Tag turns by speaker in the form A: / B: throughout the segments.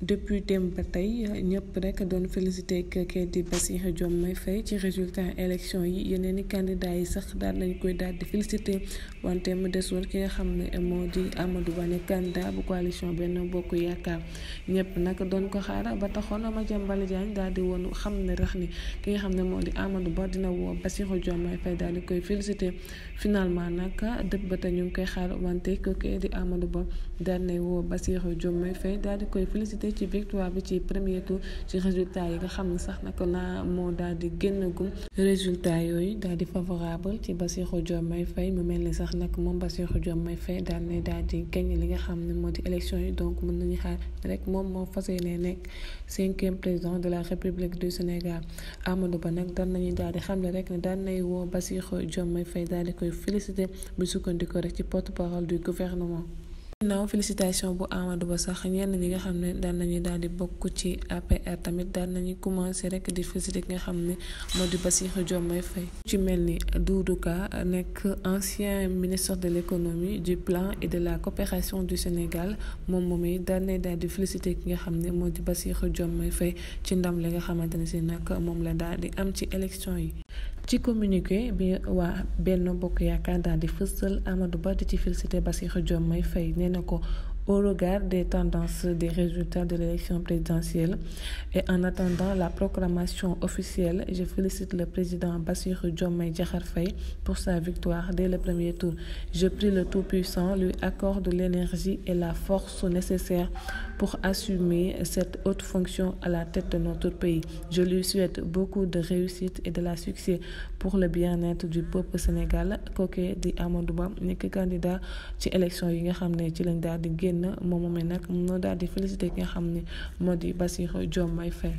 A: depuis démb ba tey ñëpp rek doon félicité kii di Bassirou Diomaye Faye ci résultat élection yi yeneen i candidats yi sax daal nañ koy daal di félicité wante mu desoon xam ne moo di Amadou Ba nekk candidat bu coalition benn bokk yaakaar ñëpp nag doon ko xaara ba taxoon Madiambal Diagne daal di woon xam ne rax ni ki nga xam ne moo di Amadou Ba dina woo Bassirou Diomaye Faye daal di koy félicité finalement nag dëpp ba tey ñu ngi koy xaar wante kii di Amadou Ba daal nay woo Bassirou Diomaye Faye daal di koy félicité. jàppale ci victoire bi ci premier tour ci résultat yi nga xam ne sax naka naa moo daal di génnagum résultat yooyu daal di favorable ci Bassirou may Faye mu mel ni sax nag moom Bassirou may Faye daal ne daal di gagné li nga xam ne moo di élection yi donc mën nañu xaar rek moom moo fas yéene nekk cinquième président de la République du Sénégal Amadou Ba nag daan nañu daal di xam xamle rek ne daan nay woo Bassirou Diomaye Faye daal di koy félicité bu sukkandikoo rek ci porte-parole du gouvernement ginnaaw félicitation bu Amadou Ba sax ñenn ñi nga xam ne daan nañu daal di bokk ci APR tamit daan nañu commencé rek di félicité ki nga xam ne moo di Bassirou jommay Faye ci mel ni Doudou Ka nekk ancien ministre de l'économie du plan et de la coopération du Sénégal moom moomay daan nañ daal di félicité ki nga xam ne moo di Bassirou jommay Faye ci ndam li nga xamante ne si moom la daal di am ci élection yi ci communiqué bi waa benn bokk yaakaar daal di fësal Amadou Ba di ci félicité Bassirou Diomaye fay nee na ko au regard des tendances des résultats de l'élection présidentielle et en attendant la proclamation officielle, je félicite le président Bassirou Diomaye Diakhar Faye pour sa victoire dès le premier tour. Je prie le Tout-Puissant lui accorde l'énergie et la force nécessaires pour assumer cette haute fonction à la tête de notre pays. Je lui souhaite beaucoup de réussite et de la succès pour le bien-être du peuple sénégal kooke di Amadou Ba nekk yi nga xam ne ci génn moom moomee nag mu daal di félicité ki nga xam ne moo di Bassirou Diomaye Faye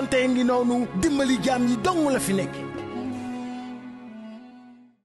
B: konte ngi noonu dimbali jaam yi dong la fi nekk